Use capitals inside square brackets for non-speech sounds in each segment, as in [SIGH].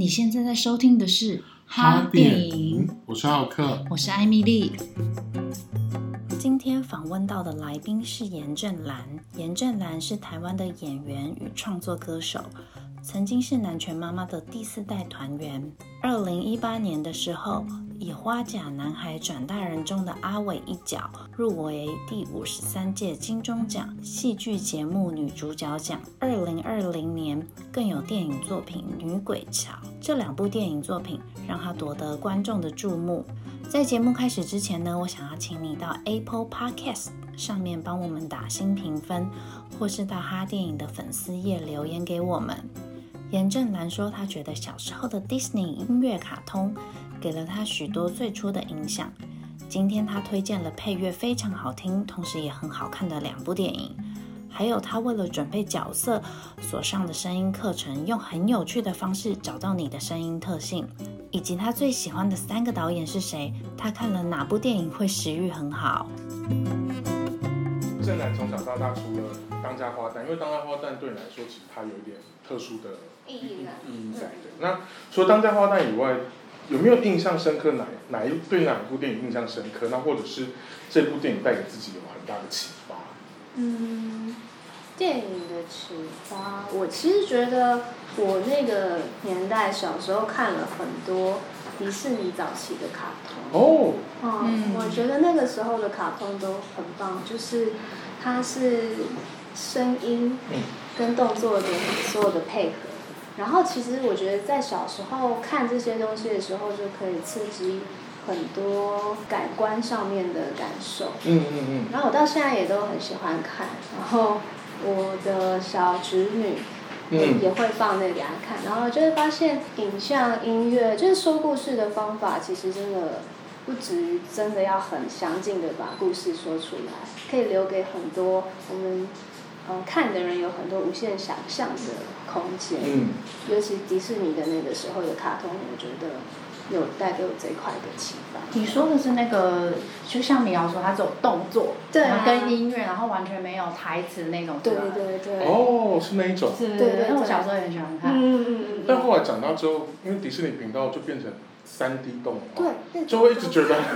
你現在在收聽的是哈《哈丁》嗯，我是浩克，我是艾米麗。今天訪問到的來賓是嚴正嵐，嚴正嵐是台灣的演員與創作歌手，曾經是南拳媽媽的第四代團員。二零一八年的時候。以花甲男孩轉大人中的阿偉一角入圍第五十三屆金鐘獎戲劇節目女主角獎。二零二零年更有電影作品《女鬼橋》，這兩部電影作品讓她奪得觀眾的矚目。在節目開始之前呢，我想要請你到 Apple Podcast 上面幫我們打新評分，或是到哈電影的粉絲頁留言給我們。嚴正嵐說，她覺得小時候的 Disney 音樂卡通。給了他許多最初的影響。今天他推薦了配樂非常好聽，同時也很好看的兩部電影，還有他為了準備角色所上的聲音課程，用很有趣的方式找到你的聲音特性，以及他最喜歡的三個導演是誰，他看了哪部電影會食欲很好。正嵐從小到大除了當家花旦，因為當家花旦對你來說其實他有一點特殊的意,意義,的意義的、嗯、那除了當家花旦以外。有沒有印象深刻哪、哪一對、哪部電影印象深刻？那或者是這部電影帶給自己有很大的啟發？嗯，電影的啟發，我其實覺得我那個年代小時候看了很多迪士尼早期的卡通。哦、嗯嗯。我覺得那個時候的卡通都很棒，就是它是聲音跟動作的所有的配合。然後其實我覺得，在小時候看這些東西的時候，就可以刺激很多感官上面的感受。嗯嗯嗯。然後我到現在也都很喜歡看，然後我的小侄女也會放那個給他看，然後就會發現影像、音樂就是說故事的方法，其實真的不止真的要很詳盡的把故事說出來，可以留給很多我們。看的人有很多無限想象的空間，嗯，尤其迪士尼的那個時候的卡通，我覺得有帶給我這一塊的啟發、嗯。你說的是那個，就像你要說他這種動作，對、啊，跟音樂，然後完全沒有台詞那種，對對對，對對對。哦，是那一種。對對對，我小時候也很喜歡看。嗯嗯嗯。但後來長大之後，因為迪士尼頻道就變成三 D 動畫，對，就會一直覺得。 [LAUGHS]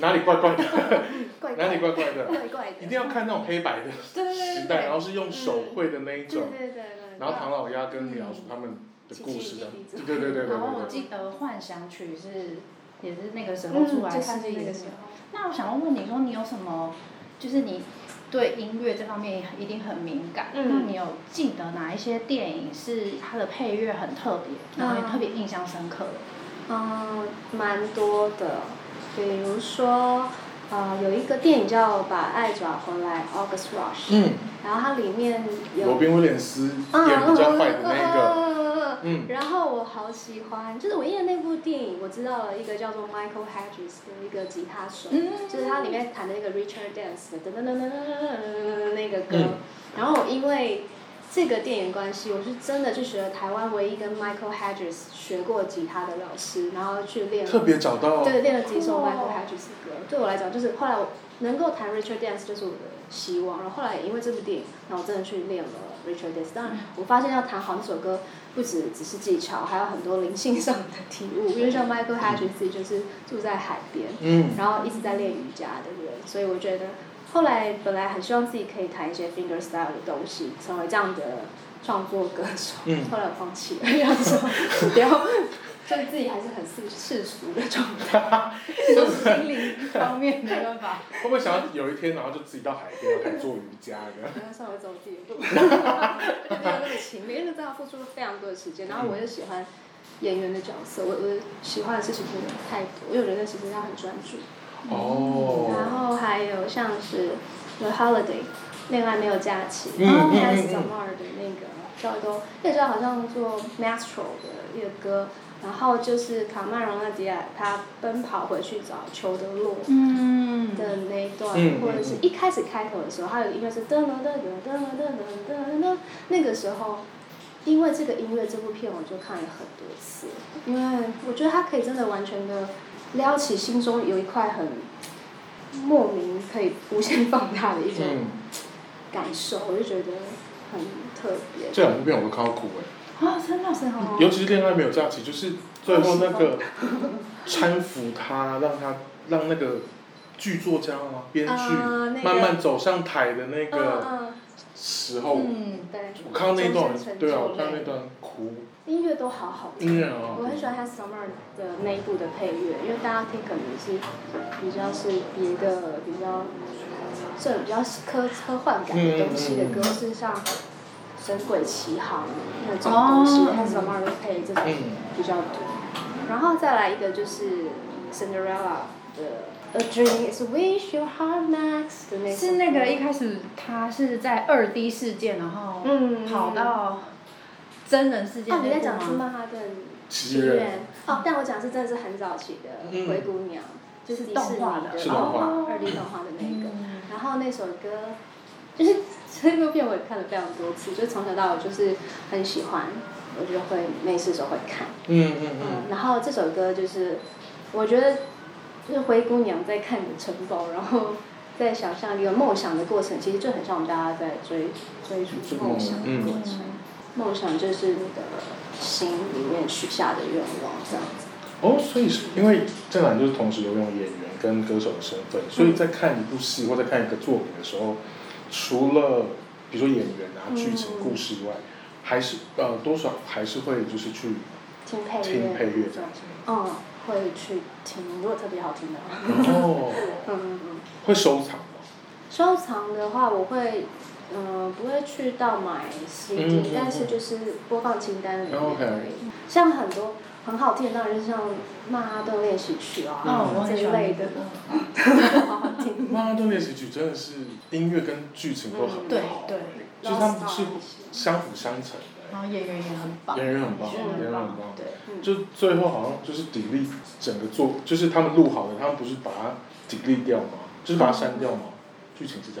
哪裡怪怪的？ [LAUGHS] 怪怪，哪裡怪怪，怪怪的？一定要看那種黑白的時代，對對對對，然後是用手繪的那一種。對對對，對，然後唐老鴨跟米老鼠他們的故事的。對對對對對，然後我記得《幻想曲》是、嗯、也是那個時候出來，它、嗯就是、時候它。那我想問你，說你有什麼？就是你對音樂這方面一定很敏感。嗯。那你有記得哪一些電影是它的配樂很特別，然後也特別印象深刻的？嗯，蠻、嗯嗯、多的。比如說，呃，有一個電影叫《把愛找回來》，August Rush，嗯，然後它裡面有羅賓威廉斯演比較壞的那個，嗯，然後我好喜歡，就是我因為那部電影，我知道了一個叫做 Michael Hedges 的一個吉他手，嗯，就是它裡面彈的那個 Richard Dance 的等等等等等等等那個歌，然後因為。這個電影關係，我是真的去學了台灣唯一跟 Michael Hedges 學過吉他的老師，然後去練。特別找到。對，練了幾首 Michael Hedges 歌，對啊，對我來講，就是後來我能夠彈 Richard Dance 就是我的希望。然後後來也因為這部電影，然後真的去練了 Richard Dance。當然，我發現要彈好那首歌，不止只是技巧，還有很多靈性上的體悟。因為像 Michael Hedges，自己就是住在海邊、嗯，然後一直在練瑜伽的人對不對？，所以我覺得。後來本來很希望自己可以彈一些 finger style 的東西，成為這樣的創作歌手。嗯、後來我放棄了，這樣說死掉。所 [LAUGHS] 以自己還是很世俗的狀態，狀態，就是心靈方面沒辦法。會不會想要有一天，然後就自己到海邊，然後做瑜伽？這 [LAUGHS] 樣稍微走低，沒 [LAUGHS] 有那麼親每因為真的付出了非常多的時間。然後我也喜歡演員的角色，嗯、我我喜歡的事情真的太多，因為我覺得那事情要很專注。Oh. 嗯、然後還有像是 The Holiday，戀愛沒有假期，還有 Summer 的那個，叫做多。那張好像做 Master 的一個歌，然後就是卡麥榮娜迪亞他奔跑回去找裘德·洛的那一段，mm -hmm. 或者是一開始開頭的時候，還有一個音樂是噔噔噔噔噔噔噔噔噠啦，那個時候，因為這個音樂，這部片我就看了很多次，因為我覺得他可以真的完全的。撩起心中有一塊很莫名可以無限放大的一種感受，嗯，我就覺得很特別。這兩部片我都看哭哎。啊，真的很好。尤其是戀愛沒有假期，嗯、就是最後那個攙扶他，讓他讓那個劇作家、編劇、uh, 那個、慢慢走上台的那個時候，我看到那段，對啊，我看到那段哭。音樂都好好聽，mm -hmm. 我很喜歡他《Summer》的內部的配樂，因為大家聽可能是比較是別的，比較這種比較科科幻感的東西的歌，是、mm -hmm. 像《神鬼奇航》那種東西，oh.《Summer》的配這種比較多。Mm -hmm. 然後再來一個就是《Cinderella》的《A Dream Is Wish Your Heart Makes》的那個。是那個一開始他是在二 D 世界，然後嗯跑到。真人世界哦，你在講《曼哈頓奇緣》。真人。哦，但我講是真的是很早期的《灰姑娘》，嗯、就是迪士尼的，是動畫的，動的二零、哦哦、動畫的那一個、嗯。然後那首歌，就是這部片我也看了非常多次，就從、是、小到大就是很喜歡，我就會每次都會看。嗯嗯，嗯然後這首歌就是，我覺得，就是灰姑娘在看你的城堡，然後在想象一個夢想的過程。其實就很像我們大家在追追逐夢想的過程。嗯嗯夢想就是你的心裡面許下的願望，這樣子。哦，所以是因為正嵐就是同時擁有演員跟歌手的身份，所以在看一部戲或者看一個作品的時候，嗯、除了比如說演員啊劇情、嗯、故事以外，還是呃多少還是會就是去聽配樂聽配樂，嗯，會去聽如果特別好聽的話，然嗯、, [LAUGHS] 哦、嗯嗯會收藏嗎？收藏的話，我會。嗯、呃，不會去到買新、嗯，但是就是播放清單裡面。OK、嗯嗯。像很多很好聽的那，當、嗯、然、就是像《曼哈頓練習曲》啊，哦、這一類的。曼、嗯、哈頓練習曲真的是音樂跟劇情都很好，嗯、對對，對，就他、是、們不是相輔相成的。然後演員也很，爺爺很棒。演員很棒，演員很棒，爺爺很棒對。對，就最後好像就是 delete，整個做就是他們錄好了，他們不是把它 delete 掉嗎？就是把它刪掉嗎？嗯嗯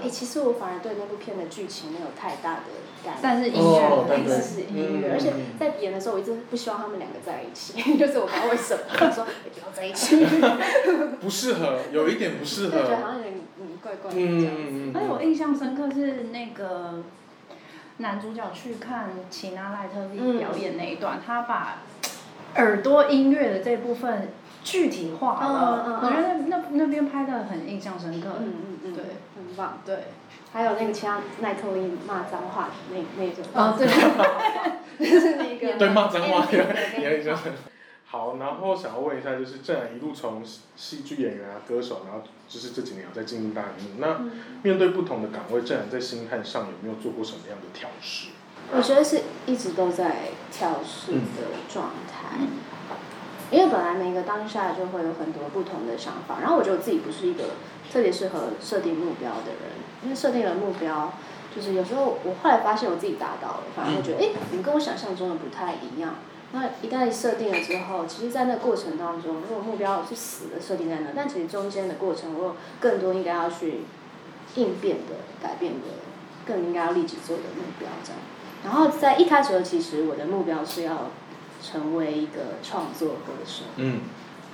哎、欸，其實我反而對那部片的劇情沒有太大的感，但是音樂一直是音樂、嗯，而且在演的時候，我一直不希望他們兩個在一起，嗯、呵呵，就是我不知道為什麼，說不要在一起。呵呵呵呵，不適合，有一點不適合。就覺得好像有點怪怪的這樣子，嗯嗯嗯。而且我印象深刻是那個男主角去看綺拉奈特莉表演那一段，嗯，他把耳朵音樂的這部分具體化了，嗯嗯，我覺得那那那邊拍的很印象深刻。嗯嗯，嗯。對。對，還有那個其他奈特莉罵髒話那那一種。哦對， [LAUGHS] 就是那個。 [LAUGHS] 對，罵髒話 [LAUGHS] [LAUGHS] [LAUGHS] 好，然後想要問一下，就是正嵐一路從戲劇演員啊、歌手，然後就是這幾年在進入大熒幕。那面對不同的崗位，正嵐在心態上有沒有做過什麼樣的調適？我覺得是一直都在調適的狀態。嗯嗯因為本來每一個當下就會有很多不同的想法，然後我覺得我自己不是一個特別適合設定目標的人，因為設定了目標，就是有時候我後來發現我自己達到了，反而會覺得哎，你跟我想象中的不太一樣。那一旦設定了之後，其實，在那個過程當中，如果目標是死的設定在那，但其實中間的過程，我有更多應該要去應變的、改變的，更應該要立即做的目標這樣。然後在一開始的時候，其實我的目標是要。成為一個創作歌手嗯。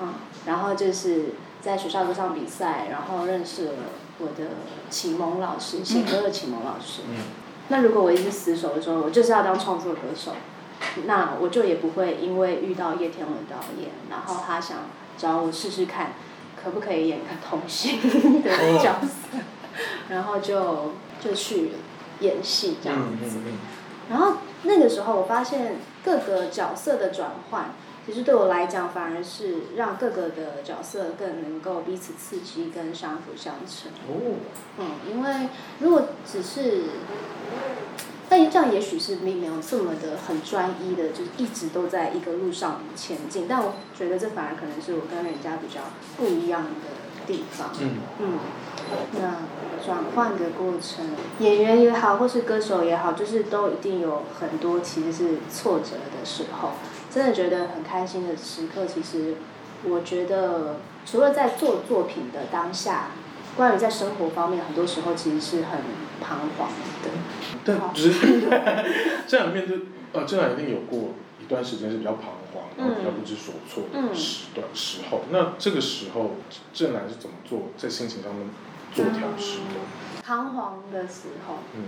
嗯。然後就是在學校歌唱比賽，然後認識了我的啟蒙老師，寫歌的啟蒙老師、嗯。那如果我一直死守的時候，我就是要當創作歌手，那我就也不會因為遇到葉天文導演，然後他想找我試試看，可不可以演個同性的角色，哦、然後就就去演戲這樣子。嗯嗯嗯、然後那個時候，我發現。各個角色的轉換，其實對我來講，反而是讓各個的角色更能夠彼此刺激，跟相輔相成。哦，嗯，因為如果只是，但這樣也許是並沒有這麼的很專一的，就是一直都在一個路上前進。但我覺得這反而可能是我跟人家比較不一樣的地方。嗯，那。轉換的過程，演員也好，或是歌手也好，就是都一定有很多其實是挫折的時候。真的覺得很開心的時刻，其實我覺得除了在做作品的當下，關於在生活方面，很多時候其實是很彷徨的。但 [LAUGHS] 這兩就兩正嵐面對啊，正嵐一定有過一段時間是比較彷徨，嗯哦、比較不知所措的時段、嗯、時候。那這個時候正嵐是怎麼做？在心情當中？彷徨的、嗯、的時候。嗯。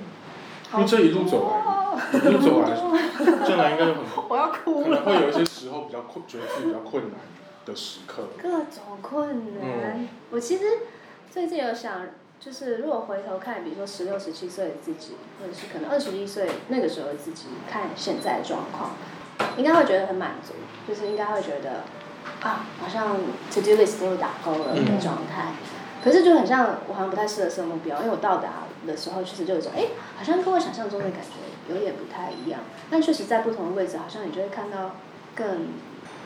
因為這一路走來，哦，一路走來，將來應該有很。我要哭了。會有一些時候比較困，覺得自己比較困難的時刻。各種困難、嗯。我其實最近有想，就是如果回頭看，比如說十六、十七歲的自己，或者是可能二十一歲那個時候的自己，看現在的狀況，應該會覺得很滿足，就是應該會覺得啊，好像 to do list 都有打勾了的狀態。嗯可是就很像，我好像不太適合設目標，因為我到達的時候確實就有一種，哎、欸，好像跟我想象中的感覺有點不太一樣。但確實在不同的位置，好像你就會看到更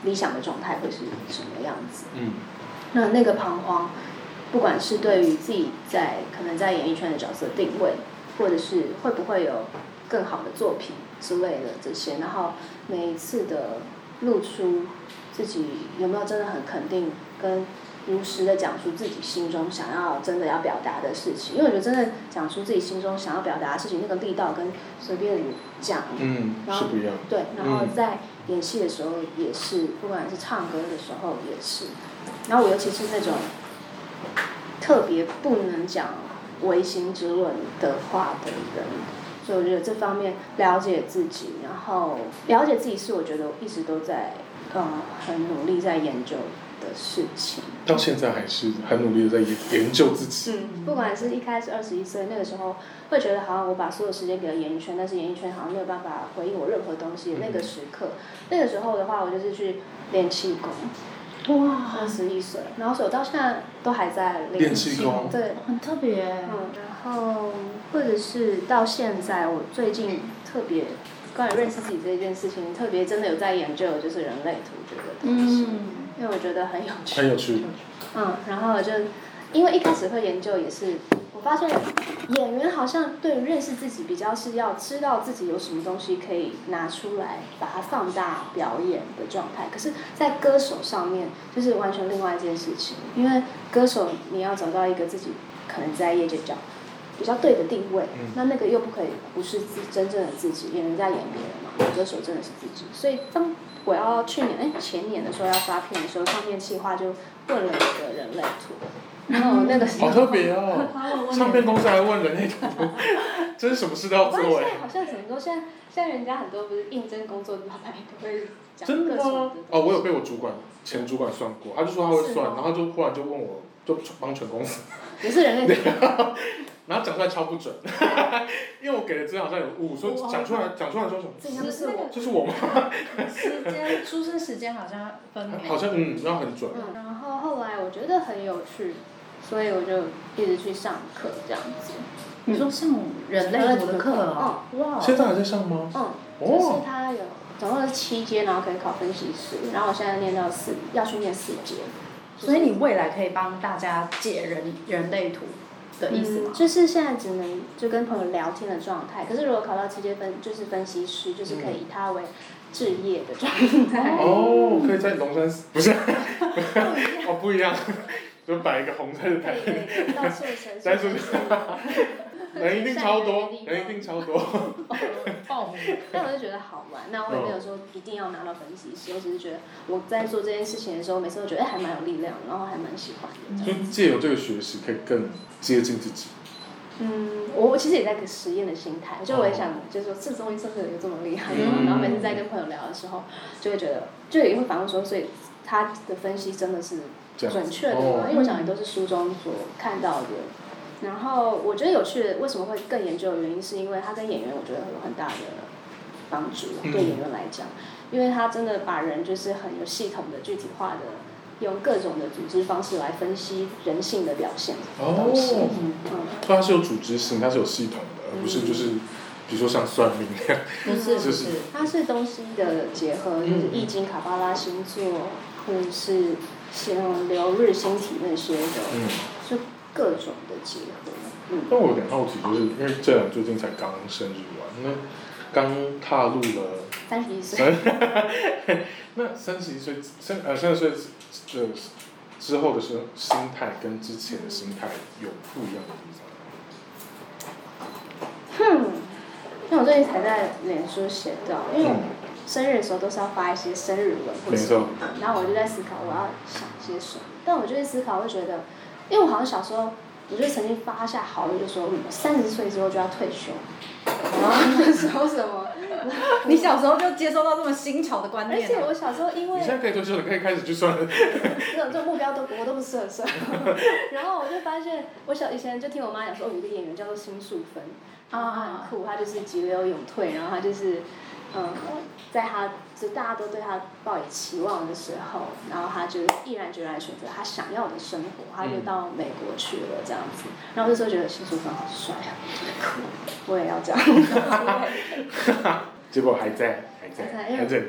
理想的狀態會是什麼樣子。嗯。那那個彷徨，不管是對於自己在可能在演藝圈的角色定位，或者是會不會有更好的作品之類的這些，然後每一次的露出，自己有沒有真的很肯定跟。如實的講出自己心中想要真的要表達的事情，因為我覺得真的講出自己心中想要表達的事情，那個力道跟隨便講，嗯，是不一樣，對，然後在演戲的時候也是，不管是唱歌的時候也是，然後我尤其是那種特別不能講違心之論的話的人，所以我覺得這方面了解自己，然後了解自己是我覺得我一直都在，呃，很努力在研究。的事情，到現在還是很努力的在研研究自己、嗯。不管是一開始二十一歲那個時候，會覺得好像我把所有時間給了演藝圈，但是演藝圈好像沒有辦法回應我任何東西。那個時刻、嗯，那個時候的話，我就是去練氣功。哇！二十一歲，然後所以我到現在都還在練氣功，對，很特別。嗯，然後或者是到現在，我最近特別、嗯、關於認識自己這件事情，特別真的有在研究，就是人類圖這個東西。嗯。因為我覺得很有趣，很有趣，嗯，然後就，因為一開始會研究也是，我發現演員好像對於認識自己比較是要知道自己有什麼東西可以拿出來，把它放大表演的狀態，可是，在歌手上面就是完全另外一件事情，因為歌手你要找到一個自己可能在業界叫。比較對的定位、嗯，那那個又不可以不是自真正的自己，演人家演別人嘛。這首歌手真的是自己，所以當我要去年哎、欸、前年的時候要發片的時候，唱片企劃就問了一個人類圖，然後那個、嗯、好特別哦、喔，唱 [LAUGHS] 片公司還問人類圖，真 [LAUGHS] 是什麼事都要做、欸。現在好像很多，現在現在人家很多不是應徵工作的老板都會講各種，真的嗎？哦，我有被我主管前主管算過，他就說他會算，然後就忽然就問我就幫全公司。 [LAUGHS] 不是人類的，然後講出來超不準， [LAUGHS] 因為我給的資料好像有誤，所以講出來，講出來說什麼？這就是我、那個，就是我嗎？時間出生時間好像分。好像嗯，那很準。嗯，然後後來我覺得很有趣，所以我就一直去上課這樣子。你、嗯、說上人類的課哦，哇！現在還在上嗎？哦、嗯。哇。就是他有總共是七階，然後可以考分析師，然後我現在念到四，要去念四階。所以你未來可以幫大家解人人類圖的意思嗎、嗯？就是現在只能就跟朋友聊天的狀態。可是如果考到直接分，就是分析師，就是可以以它為置業的狀態。嗯、哦，可以在農村，不是？哦，不哦哦一樣，哦、一樣 [LAUGHS] 就擺一個紅色的台。道士先人一定超多，人一定超多。 [LAUGHS] 哦、很 [LAUGHS] 但我就覺得好玩，那我也沒有說一定要拿到分析師、嗯，我只是覺得我在做這件事情的時候，每次都覺得還蠻有力量，然後還蠻喜歡的這樣。的、嗯。借由這個學習，可以更接近自己。嗯，我其實也在個實驗的心態，就我也想，就是說、哦、這中醫真的有這麼厲害嗎？嗯、然後每次在跟朋友聊的時候，就會覺得，就也會反覆說，所以他的分析真的是準確的、哦、因為我想也都是書中所看到的。嗯嗯然後我覺得有趣的，為什麼會更研究的原因，是因為它跟演員我覺得有很大的幫助，對演員來講，嗯、因為它真的把人就是很有系統的、具體化的，用各種的組織方式來分析人性的表現。哦，它是、嗯嗯、是有組織性，它是有系統的，而不是就是、嗯、比如說像算命那、嗯、樣，不、就是、是不是，它、就是、是，是，是東西的結合，就是易經、卡巴拉、星座、嗯，或者是像流日星體那些的。嗯各種的結合。嗯。那我有點好奇，就是因為這樣，最近才剛生日完，那剛踏入了三十一歲。 [LAUGHS] 那三十一歲生呃三十歲，這之後的生心態跟之前的心態有不一樣的地方？哼、嗯，那我最近才在臉書寫的，因為生日的時候都是要發一些生日文或者什麼，然後我就在思考我要想些什麼，但我就在思考會覺得。因為我好像小時候，我就曾經發下豪言就說三十、嗯、歲之後就要退休。然後 [LAUGHS] 說什麼？ [LAUGHS] 你小時候就接受到這麼新潮的觀念、啊？而且我小時候因為你現在可以退休了，可以開始就算了。 [LAUGHS] 這這目標都我都不是很算。 [LAUGHS] 然後我就發現，我小以前就聽我媽講說，有一個演員叫做辛樹芬，他 [LAUGHS] 很酷，他就是急流勇退，然後他就是嗯，在他。大家都對他抱以期望的時候，然後他就是毅然決然選擇他想要的生活，他就到美國去了這樣子。嗯、然後那時候覺得辛樹芬好帥啊，我也要這樣。 [LAUGHS] [LAUGHS] 結果還在，還在，還在。還在欸，還在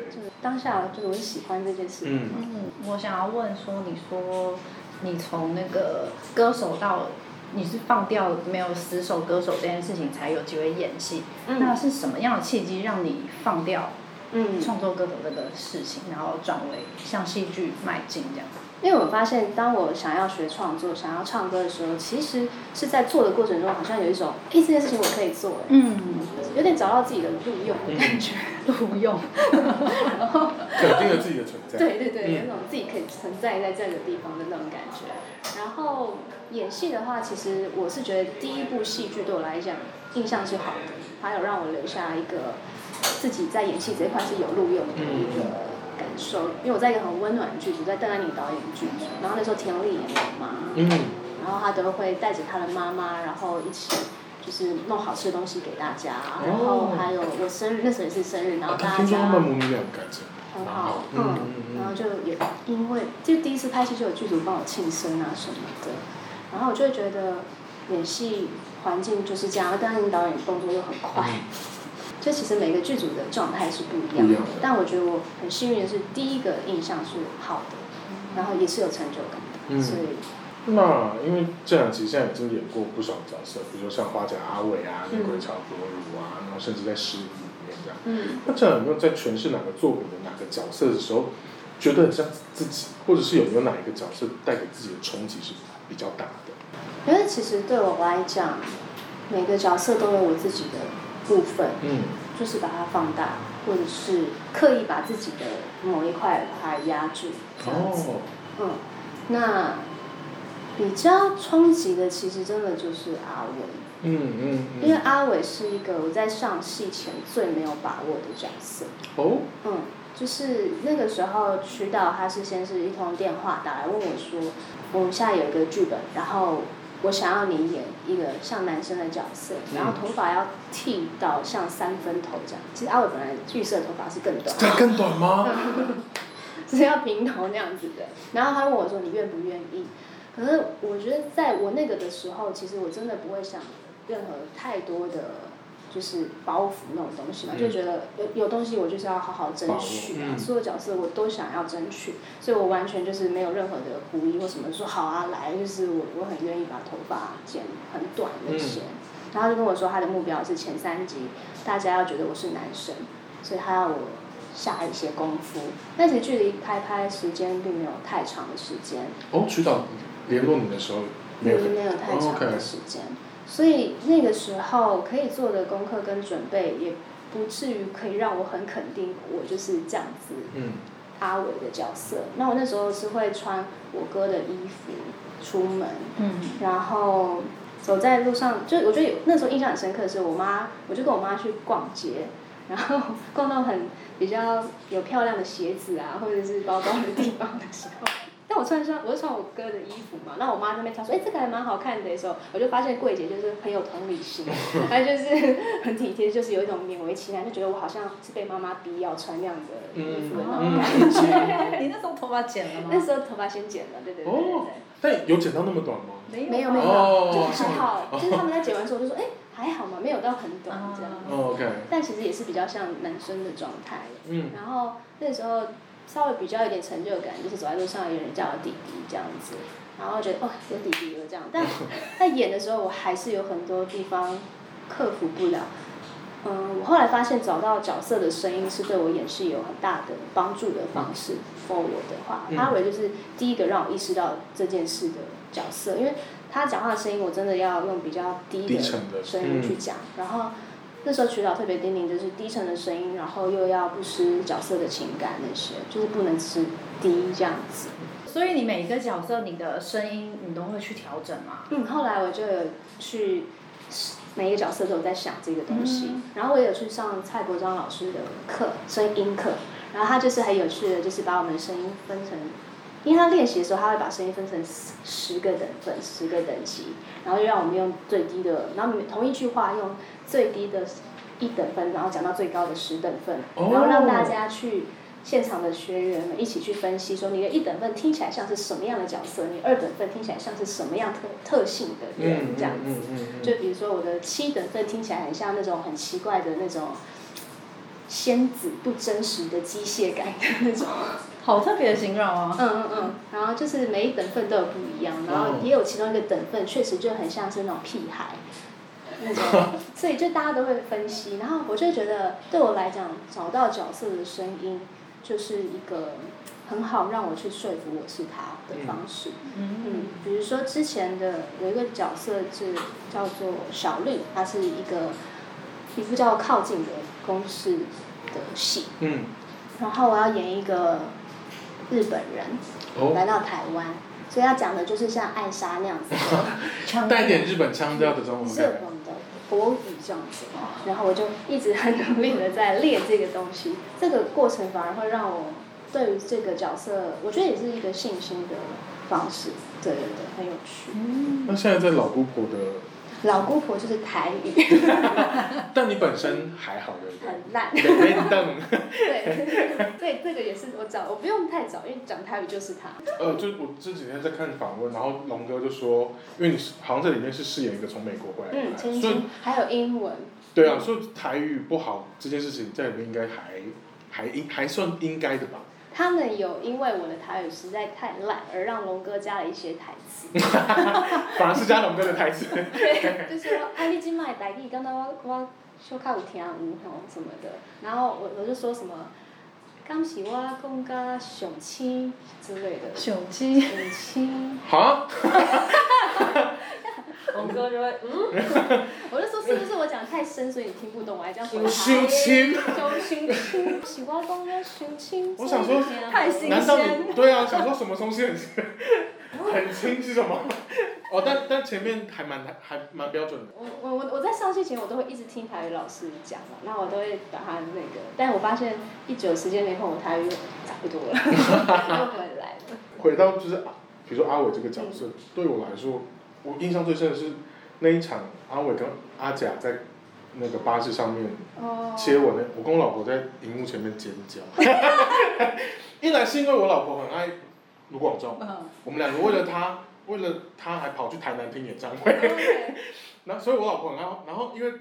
當下就是喜歡這件事情、嗯。我想要問說，你說你從那個歌手到你是放掉沒有死守歌手這件事情，才有機會演戲、嗯，那是什麼樣的契機讓你放掉？嗯，創作各種各的事情，然後轉為向戲劇邁進這樣子。因為我發現，當我想要學創作、想要唱歌的時候，其實是在做的過程中，好像有一種“咦，這件事情我可以做嗯”嗯，有點找到自己的路用的感覺，路、嗯、用，嗯、 [LAUGHS] 然後肯定了自己的存在。對對對，嗯、有種自己可以存在在這個地方的那種感覺。然後演戲的話，其實我是覺得第一部戲劇對我來講印象是好的，還有讓我留下一個。自己在演戲這一塊是有錄用的感受，因為我在一個很溫暖的劇組，在鄧安寧導演劇組，然後那時候田麗也有嘛，然後她都會帶着她的媽媽，然後一起就是弄好吃的東西給大家，然後還有我生日那時候也是生日，然後大家、家，很好，嗯，然後就也因為就第一次拍戲就有劇組幫我慶生啊什麼的，然後我就會覺得演戲環境就是這樣，鄧安寧導演動作又很快。嗯。所以其實每個劇組的狀態是不一樣的，嗯，但我覺得我很幸運的是，第一個印象是好的，嗯，然後也是有成就感的。嗯，所以，那因為正嵐其實現在已經演過不少角色，比如說像花甲阿偉啊、鬼橋卓儒啊，然後甚至在《十日》裡面的，嗯。那正嵐有沒有在詮釋哪個作品的哪個角色的時候，覺得很像自己，或者是有沒有哪一個角色帶給自己的衝擊是比較大的？因為其實對我來講，每個角色都有我自己的。嗯部分，嗯，就是把它放大，或者是刻意把自己的某一塊把它壓住，這樣子、哦，嗯，那比較衝擊的，其實真的就是阿偉、嗯嗯嗯，因為阿偉是一個我在上戲前最沒有把握的角色，哦，嗯，就是那個時候，渠導他是先是一通電話打來問我說，我們現在有一個劇本，然後。我想要你演一個像男生的角色，嗯、然後頭髮要剃到像三分頭這樣。其實阿偉、啊、本來綠色的頭髮是更短。這更短嗎？ [LAUGHS] 是要平頭那樣子的。然後他問我說：“你願不願意？”可是我覺得在我那個的時候，其實我真的不會想任何太多的。就是包袱那種東西嘛，嗯、就覺得有有東西我就是要好好爭取啊，所有角色我都想要爭取、嗯，所以我完全就是沒有任何的故意或什麼，說好啊來，就是我我很願意把頭髮剪很短那些、嗯，然後就跟我說他的目標是前三集大家要覺得我是男神，所以他要我下一些功夫，但是距離開拍，拍時間並沒有太長的時間。哦，瞿導聯絡你的時候，沒有太長的時間。哦 okay 所以那個時候可以做的功課跟準備，也不至於可以讓我很肯定我就是這樣子，嗯，阿偉的角色。那我那時候是會穿我哥的衣服出門，然後走在路上，就我覺得有那時候印象很深刻的是，我媽，我就跟我媽去逛街，然後逛到很比較有漂亮的鞋子啊，或者是包包的地方的時候。但我穿穿，我就穿我哥的衣服嘛。然後我那我媽那邊她說：“哎、欸，這個還蠻好看的。”的時候，我就發現櫃姐就是很有同理心，她 [LAUGHS] 就是很體貼，就是有一種勉為其難，就覺得我好像是被媽媽逼要穿那樣的衣服，的那種感覺。嗯嗯、 [LAUGHS] 你那時候頭髮剪了嗎？那時候頭髮先剪了，對對對。哦、對對對，但有剪到那麼短嗎？沒有，沒有，哦就，哦、就是還好、哦。就是他們在剪完之後就說：“哎、欸，還好嘛，沒有到很短這樣子。哦” o、嗯、但其實也是比較像男生的狀態、嗯。然後那時候。稍微比較有點成就感，就是走在路上有人叫我弟弟這樣子，然後覺得哦有弟弟了這樣。但在演的時候，我還是有很多地方克服不了。嗯，我後來發現找到角色的聲音是對我演戲有很大的幫助的方式。嗯、For 我的話，阿、嗯、偉就是第一個讓我意識到這件事的角色，因為他講話的聲音我真的要用比較低的聲音去講、嗯，然後。那時候徐導特別叮嚀，就是低沉的聲音，然後又要不失角色的情感，那些就是不能是低這樣子。所以你每一個角色，你的聲音你都會去調整嘛？嗯，後來我就有去每一個角色都有在想這個東西，嗯，然後我有去上蔡國璋老師的課，聲音課，然後他就是很有趣的，就是把我們的聲音分成。因為他練習的時候，他會把聲音分成十個等分，十個等級，然後就讓我們用最低的，然後同一句話用最低的一等分，然後講到最高的十等分，然後讓大家去現場的學員們一起去分析說，說你的一等分聽起來像是什麼樣的角色？你二等分聽起來像是什麼樣特特性的，對，這樣子。就比如說我的七等分聽起來很像那種很奇怪的那種仙子，不真實的機械感的那種。好特別的形容啊！嗯嗯嗯，嗯，然後就是每一等份都有不一樣、嗯，然後也有其中一個等份確實就很像是那種屁孩、嗯嗯，所以就大家都會分析。然後我就覺得，對我來講，找到角色的聲音就是一個很好讓我去說服我是他的方式。嗯，嗯比如說之前的有一個角色是叫做小綠，他是一個比較靠近的公式的戲。嗯，然後我要演一個。日本人，哦，來到台灣，所以要講的就是像艾莎那樣子， [LAUGHS] 帶一點日本腔調的中文。日文的國語這樣子，然後我就一直很努力的在練這個東西。 [LAUGHS] 這個過程反而會讓我對於這個角色，我覺得也是一個信心的方式。對對對，很有趣。嗯，那現在在老姑婆的。老姑婆就是台語， [LAUGHS] [LAUGHS] 但你本身還好的，很爛，很笨，對， [LAUGHS] 對，所以這個也是我找，我不用太找，因為講台語就是他。呃，就我這幾天在看訪問，然後龍哥就說，因為你是，好像這裡面是飾演一個從美國回來的，嗯，還有英文。對啊，所以台語不好這件事情在裡面應該還還應還算應該的吧。他們有因為我的台語實在太爛，而讓龍哥加了一些台詞。反而是加龍哥的台詞 [LAUGHS] 對。對，就是說啊，你今擺的台詞，感覺我我稍較有聽有吼什麼的，然後我我就說什麼，敢是我講甲上親之類的。上星。上親 [LAUGHS] [LAUGHS] [LAUGHS] 洪哥就會嗯， [LAUGHS] 我就說是不是我講太深，所以你聽不懂？我還這樣說。我想說，太新鮮，難道你對啊？ [LAUGHS] 想說什麼東西很新，很新是什麼？ [LAUGHS] 哦， [LAUGHS] 但但前面還蠻還蠻標準的。我我我在上戲前，我都會一直聽台語老師講，那我都會把它那個，但我發現一久時間沒碰台語，差不多了，又 [LAUGHS] [LAUGHS] 回來了。回到就是，比如說阿偉這個角色，嗯，對我來說。我印象最深的是那一場，阿偉跟阿甲，在那個巴士上面接我吻，oh. 我跟我老婆在熒幕前面尖叫， [LAUGHS] 一來是因為我老婆很愛盧廣仲，我、oh. 我們兩個為了他，為了他還跑去台南聽演唱會，okay. 然後所以我老婆很愛，然後因為。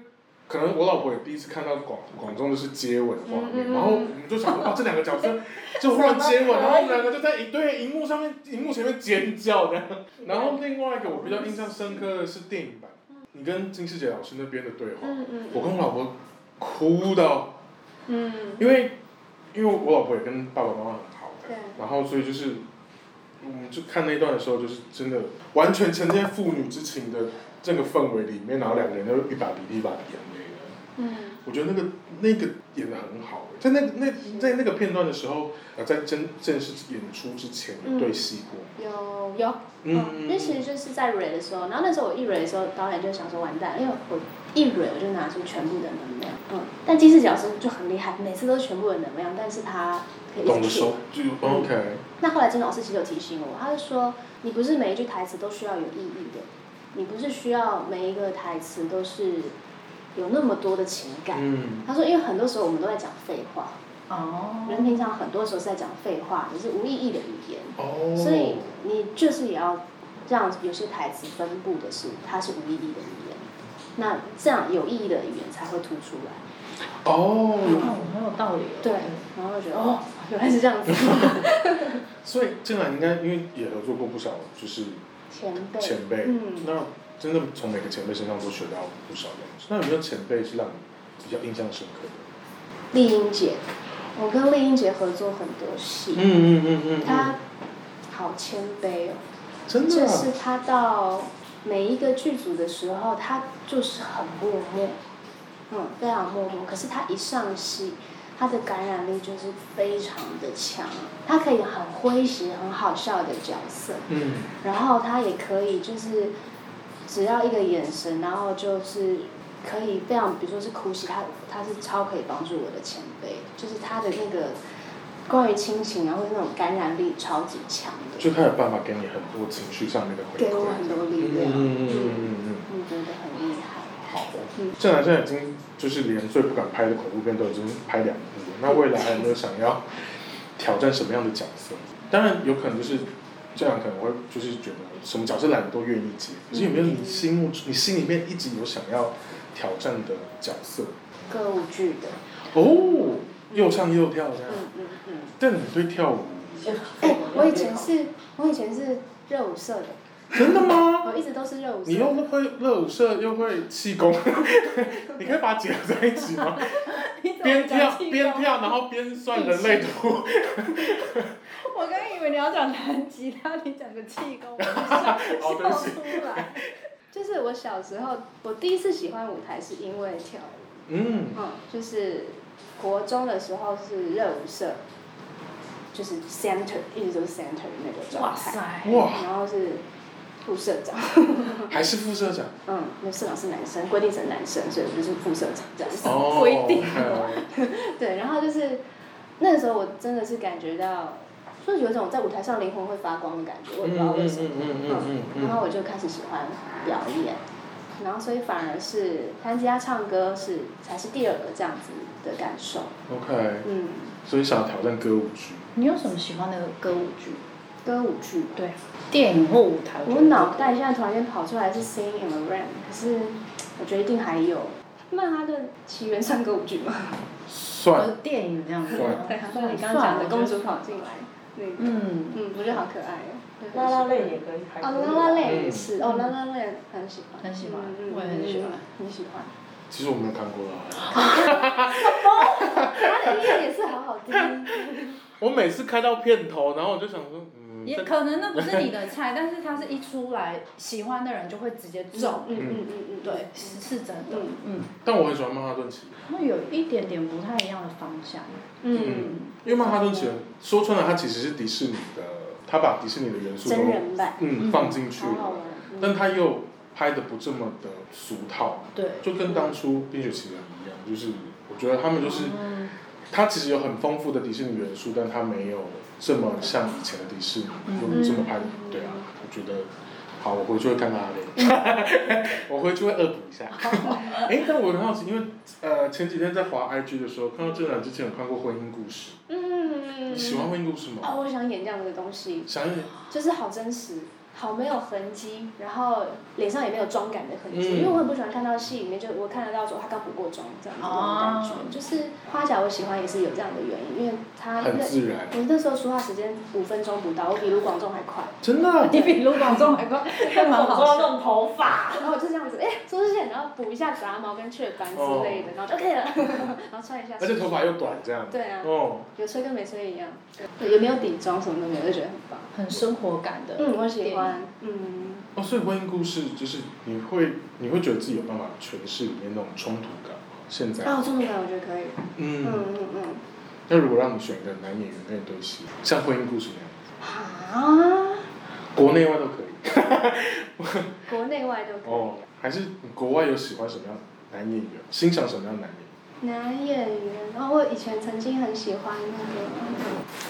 可能我老婆也第一次看到廣廣東的是接吻畫面，嗯嗯，然後我們就想說、嗯、啊，這兩個角色就忽然接吻，然後我們兩個就在一對熒幕上面熒幕前面尖叫這樣，然後另外一個我比較印象深刻的是電影版，你跟金士傑老師那邊的對話，嗯嗯嗯、我跟我老婆哭到，嗯、因為因為我老婆也跟爸爸媽媽很好的、欸嗯，然後所以就是。我們，嗯，就看那一段的時候，就是真的完全沉浸在父女之情的這個氛圍裡面，然後兩個人就一把鼻涕一把眼淚。嗯，我覺得那個那個演得很好，欸，在那個、那在那個片段的時候，在真正式演出之前，嗯、對戲過。有有嗯，嗯，因為其實就是在蕊的時候，然後那時候我一蕊的時候，導演就想說完蛋，因為我一蕊我就拿出全部的能量，嗯，但金士傑老師就很厲害，每次都是全部的能量，但是他可以懂得說，就，嗯、OK。那後來金老師其實有提醒我，他就說你不是每一句台詞都需要有意義的，你不是需要每一個台詞都是。有那麼多的情感，嗯、他說，因為很多時候我們都在講廢話、哦，人平常很多時候是在講廢話，也、就是無意義的語言、哦，所以你就是也要讓有些台詞分布的是，它是無意義的語言，那這樣有意義的語言才會突出來。哦，很有，有，有，有道理。對，然後就覺得哦，原來是這樣子。 [LAUGHS] 所以正嵐應該因為也合作過不少，就是前輩前輩、嗯，那。真的從每個前輩身上都學到不少東西。那有沒有前輩是讓你比較印象深刻的？麗英姐，我跟麗英姐合作很多戲。嗯嗯嗯嗯。她、嗯嗯、好謙卑哦。真的、啊。這、就是她到每一個劇組的時候，她就是很默默，嗯，非常默默。可是她一上戲，她的感染力就是非常的強。她可以很詼諧、很好笑的角色。嗯。然後她也可以就是。只要一個眼神，然後就是可以非常，比如說是哭戲，他他是超可以幫助我的前輩，就是他的那個關於親情啊，或者那種感染力超級強的。就他有辦法給你很多情緒上面的回應，回給我很多力量。嗯嗯嗯嗯嗯。我覺得很厲害。好的。嗯，正嵐現在已經就是連最不敢拍的恐怖片都已經拍兩部了，那未來還有沒有想要挑戰什麼樣的角色？ [LAUGHS] 當然有可能就是這樣，可能我會就是覺得。什麼角色兩個都願意接？可是有沒有你心目、你心裡面一直有想要挑戰的角色？歌舞劇的。哦，又唱又跳這樣。嗯嗯嗯。但你對跳舞？哎、嗯欸，我以前是，我以前是熱舞社的。真的嗎？我一直都是熱舞社。你又會熱舞社，又會氣功， [LAUGHS] [LAUGHS] 你可以把它結合在一起嗎？邊 [LAUGHS] 跳邊跳，然後邊算人類圖。 [LAUGHS] 我剛以為你要講彈吉他，你講個氣功，我就笑,， [LAUGHS] oh, 笑出來不。就是我小時候，我第一次喜歡舞台是因為跳舞。嗯。嗯，就是國中的時候是熱舞社，就是 center 一直都是 center 那個狀態。哇塞。哇。然後是副社長。 [LAUGHS] 還是副社長。嗯，那社長是男生，規定成男生，所以就是副社長，這樣是規定 okay, okay. [LAUGHS] 對，然後就是那時候，我真的是感覺到，就是有種在舞台上靈魂會發光的感覺，我也不知道為什麼。嗯嗯嗯。然後我就開始喜歡表演，嗯、然後所以反而是彈吉他唱歌是才是第二個這樣子的感受。OK。嗯。所以想挑戰歌舞劇。你有什麼喜歡的歌舞劇？歌舞劇。對。電影或舞台？我腦袋現在突然間跑出來是 Sing in the Rain，可是我覺得一定還有。那他的《奇緣》唱歌舞劇嗎？算了，電影這樣子。啊。他說你剛剛講的公主跑進來。嗯、那個、嗯、我、嗯、覺得好可愛哦。拉拉淚也可以，還可以。哦，拉拉淚也是，哦，拉拉淚很喜歡。很喜歡，我也很喜歡。很喜歡。其實我沒有看過啦。什麼？他的音樂也是好好聽 [LAUGHS] 我每次開到片頭，然後我就想說。嗯也可能那不是你的菜， [LAUGHS] 但是他是一出來， [LAUGHS] 喜歡的人就會直接走。嗯嗯嗯嗯，對，其實是真的，嗯嗯。但我很喜歡他《曼哈頓奇緣》。它有一點點不太一樣的方向。嗯。嗯，因為《曼哈頓奇緣》說穿了，它其實是迪士尼的，他把迪士尼的元素都真人版嗯，嗯，嗯放進去、嗯、但他又拍的不這麼的俗套，對，就跟當初《冰雪奇緣》一樣，就是我覺得他們就是，嗯、他其實有很豐富的迪士尼元素，但他沒有。這麼像以前的迪士尼，用這麼拍，嗯，對啊，我覺得好，我回去會看它的，嗯，我回去會惡補一下。哎，嗯，但我很好奇，因為呃，前幾天在滑 IG 的時候，看到正嵐之前有看過《婚姻故事》，嗯，你喜歡《婚姻故事》嗎？啊，哦，我想演這樣的東西，想演就是好真實。好沒有痕跡，然後臉上也沒有妝感的痕跡、嗯，因為我很不喜歡看到戲裡面，就我看得到說他剛補過妝這樣子的感覺、啊，就是花甲我喜歡也是有這樣的原因，因為他，我那時候說話時間五分鐘不到，我比盧廣仲還快。真的，你比盧廣仲還快。看我化妝弄頭髮，然後我就這樣子，哎、欸，說這些，然後補一下雜毛跟雀斑之類的，哦、然後就 OK 了，呵呵，然後穿一下。而且頭髮又短這樣。對啊。哦。有吹跟沒吹一樣。對。有沒有底妝什麼都沒有，我就覺得很棒，很生活感的。嗯，我喜歡。嗯。哦，所以婚姻故事就是你會你會覺得自己有辦法詮釋裡面那種衝突感現在。啊、哦，衝突感我覺得可以。嗯嗯嗯那，嗯、如果讓你選一個男演員跟你對戲，像婚姻故事一樣、啊。國內外都可以。 [LAUGHS] 國內外都可以。哦。還是國外有喜歡什麼樣的男演員？欣賞什麼樣的男演員？男演員，然、哦、後我以前曾經很喜歡那個、嗯。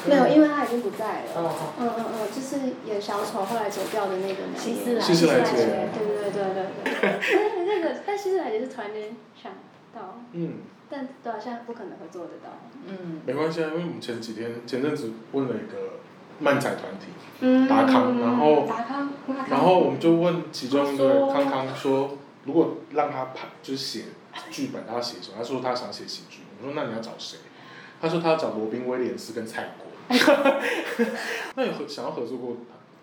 沒有，因為他已經不在了。嗯嗯嗯，就是演小丑後來走掉的那個那。男演員。希斯萊傑，希斯萊傑對對對對對，對， [LAUGHS] 對，對，對，對， [LAUGHS] 對。那個，但希斯萊傑是突然間想到。嗯。但多少現在不可能會做得到。嗯。沒關係啊，因為我們前幾天前陣子問了一個漫才團體達、嗯、康，然後康然後我們就問其中一個康康說，說：“如果讓他拍，就是寫。”劇本他要寫什麼？他說他想寫喜劇。我說那你要找誰？他說他要找羅賓威廉斯跟蔡國。 [LAUGHS] 那有合想要合作過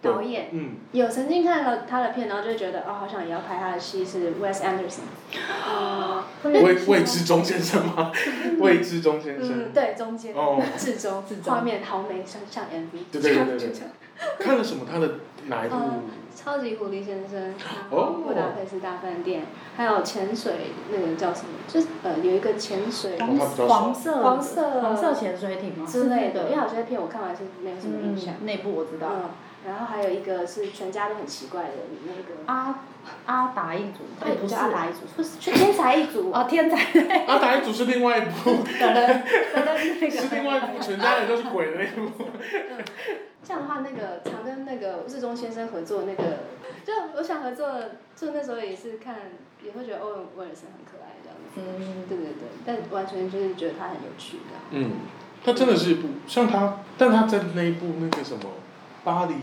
導演？Oh yeah. 嗯，有曾經看了他的片，然後就覺得哦，好想也要拍他的戲，是 Wes Anderson。啊、 [LAUGHS] 嗯， [LAUGHS] 魏魏志中先生嗎？ [LAUGHS] 魏志中先生。 [LAUGHS] 嗯，對，中間。哦，志中，志中。畫面好美，像像 MV。對對對，對，對。 [LAUGHS] 看了什麼？他的哪一部？超級狐狸先生，布、啊、達、哦、佩斯大飯店、哦，還有潛水那個人叫什麼？就是、呃有一個潛水，黃色，黃色，黃色潛水艇嗎？之類的、那個，因為好像在片我看完是沒有什麼印象。內、嗯嗯、部我知道、嗯。然後還有一個是全家都很奇怪的那個阿阿達一族，他不是阿達一族，不是，不是全天才一族。哦，天才。阿、啊、達一族是另外一部。 [LAUGHS] 噔噔噔噔，那個是另外一部全家人都是鬼的那一部。 [LAUGHS] 那個常跟那個吳志忠先生合作，那個就我想合作的，就那時候也是看，也會覺得歐文威爾森很可愛這樣子、嗯。對對對，但完全就是覺得他很有趣這樣。嗯，他真的是一部像他，但他在那一部那個什麼《巴黎》，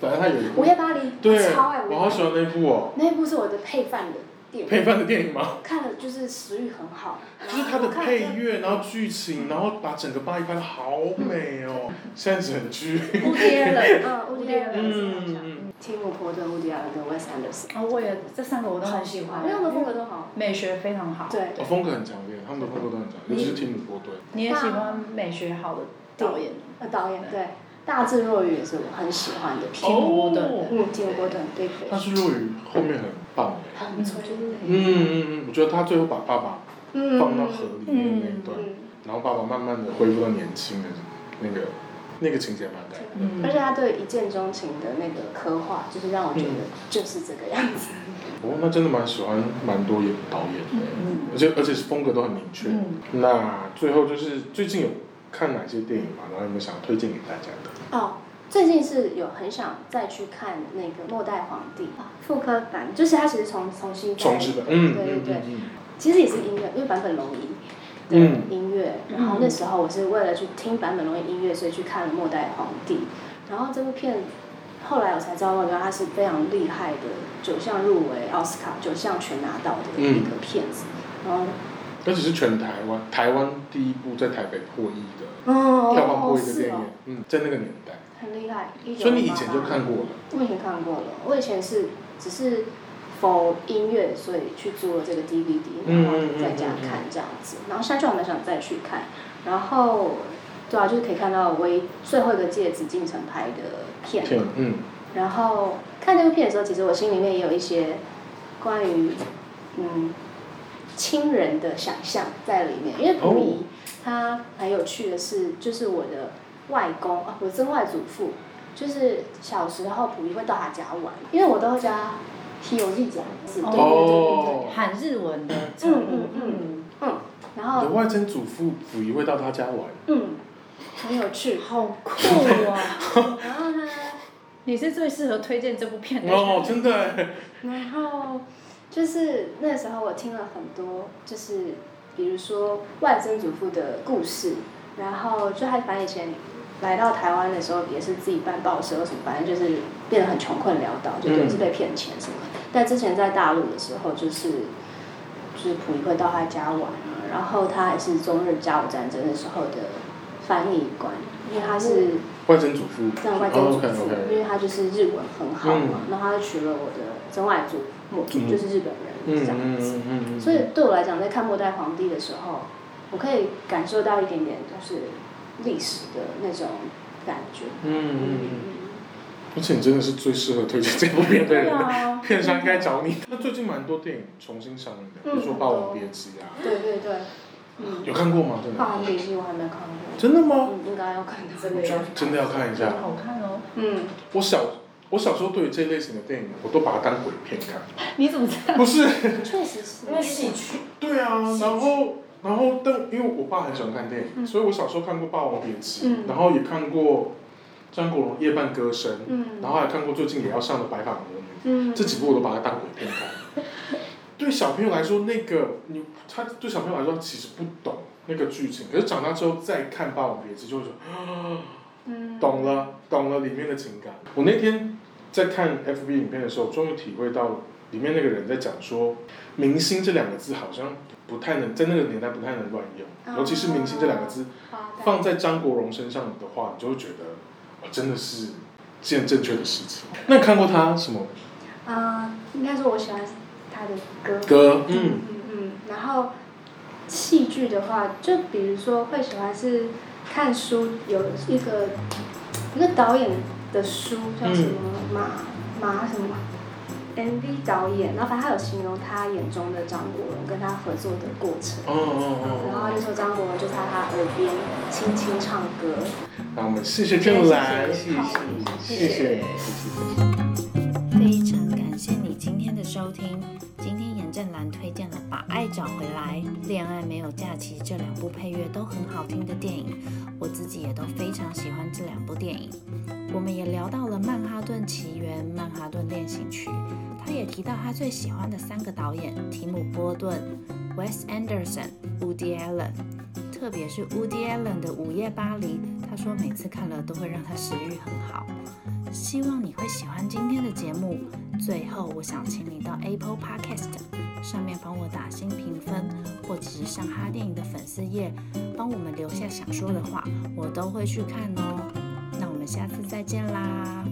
本來他有一部《午夜巴黎》，對，超愛《午夜巴黎》，我好喜歡那一部哦。那一部是我的配飯的。配飯的電影嗎？看了就是食慾很好。就是他的配樂，然後劇情，然後把整個巴黎拍的好美哦，現在劇。伍迪艾倫，嗯，伍迪艾倫，嗯嗯提姆波頓、伍迪艾倫跟魏斯安德森啊，我也這三個我都很喜歡。他們的風格都好，美學非常好。對。我、哦、風格很強烈，他們的風格都很強。你、就是提姆波頓，你也喜歡美學好的導演？啊、呃，導演對。大智若魚也是我很喜歡的，片的提姆波頓的對不對？大智若魚後面很棒，很出圈。嗯嗯嗯，我覺得他最後把爸爸放到河裡面那一段、嗯嗯嗯，然後爸爸慢慢的恢復到年輕的那個、那個、那個情節蠻感人的。而且他對一見鍾情的那個刻畫，就是讓我覺得就是這個樣子。嗯嗯、 [LAUGHS] 哦，那真的蠻喜歡蠻多演導演的、嗯，而且而且是風格都很明確、嗯。那最後就是最近有看哪些電影嘛？然後有沒有想要推薦給大家的？哦，最近是有很想再去看那個《末代皇帝》復、哦、刻版，就是他其實從重新重製。嗯，對對對，嗯嗯、其實也是音樂，因為坂本龍一，對、嗯、音樂，然後那時候我是為了去聽坂本龍一音樂，所以去看了《末代皇帝》，然後這部片，後來我才知道，我覺得它是非常厲害的，九項入圍奧斯卡，Oscar, 九項全拿到的一個片子，嗯、然後，他只是全台灣，台灣第一部在台北破億的。哦哦哦！是哦，嗯，在那個年代，很厲害。所以你以前就看過了？嗯、我以前看過了。我以前是只是，為音樂，所以去做了這個 DVD，然後在家看這樣子。嗯嗯嗯嗯、然後現在就還蠻想再去看。然後，對啊，就是可以看到微最後一個借紫禁城拍的片，嗯。然後看這個片的時候，其實我心裡面也有一些，關於，嗯，親人的想象在裡面，因為、哦。他很有趣的是，就是我的外公啊，我曾外祖父，就是小時候溥儀會到他家玩，因為我到家聽有日語是，對對對對、oh. 對，喊日文的、okay.，嗯嗯嗯嗯，然後。你的外曾祖父溥儀會到他家玩。嗯，很有趣，好酷啊、喔！ [LAUGHS] 然後呢，你是最適合推薦這部片的。哦、oh,，真的。然後，就是那時候我聽了很多，就是。比如說外曾祖父的故事，然後就還反正以前來到台灣的時候也是自己辦報社或什麼，反正就是變得很窮困潦倒，就總是被騙錢什麼、嗯。但之前在大陸的時候、就是，就是就是溥儀會到他家玩，然後他還是中日甲午戰爭的時候的翻譯官，因為他是外曾祖父，對、哦，外曾祖父，因為他就是日文很好嘛，嗯、然後他娶了我的曾外祖母、嗯，就是日本。嗯嗯嗯嗯嗯。所以對我來講，在看《末代皇帝》的時候，我可以感受到一點點，就是歷史的那種感覺嗯。嗯嗯嗯。而且你真的是最適合推薦這部片的人，片商應該找你，嗯。那最近蠻多電影重新上映的，比如說《霸王別姬》啊。對對對，嗯。啊，有看過嗎？真的。霸王別姬我還沒看過。真的嗎？應該要看的，真的要看一下。好看哦。嗯。我小。我小時候對於這類型的電影，我都把它當鬼片看。你怎麼知道？不是，確 [LAUGHS] 實是。對啊，然後，然後，但因為我爸很喜歡看電影，嗯、所以我小時候看過《霸王別姬》嗯，然後也看過張國榮《夜半歌聲》嗯，然後還看過最近也要上的《白髮魔女》。這幾部我都把它當鬼片看了。嗯、 [LAUGHS] 對小朋友來說，那個你，他對小朋友來說其實不懂那個劇情，可是長大之後再看《霸王別姬》，就會說啊。嗯嗯、懂了，懂了裡面的情感。我那天在看 FB 影片的時候，終於體會到裡面那個人在講說，明星這兩個字好像不太能在那個年代不太能亂用，哦，尤其是明星這兩個字放在張國榮身上的話，哦，你就會覺得，哦，真的是件正確的事情。那看過他什麼？呃、嗯，應該說我喜歡他的歌。歌，嗯嗯，嗯，嗯。然後戲劇的話，就比如說會喜歡是。看書有一個一個導演的書叫什麼馬馬、嗯、什麼 MV 導演，然後反正他有形容他眼中的張國榮跟他合作的過程，哦哦哦哦哦，然後那時候張國榮就在他耳邊輕輕唱歌。那、嗯、我們試試謝謝正嵐，謝謝，謝謝，謝謝，謝，謝推薦了《把愛找回來》《戀愛沒有假期》這兩部配樂都很好聽的電影，我自己也都非常喜歡這兩部電影。我們也聊到了《曼哈頓奇緣》《曼哈頓練習曲》，他也提到他最喜歡的三個導演：提姆·波頓、Wes Anderson、Woody Allen，特別是 Woody Allen 的《午夜巴黎》，他說每次看了都會讓他食欲很好。希望你會喜歡今天的節目。最後，我想請你到 Apple Podcast 上面幫我打新評分，或者是上哈電影的粉絲頁，幫我們留下想說的話，我都會去看哦。那我們下次再見啦！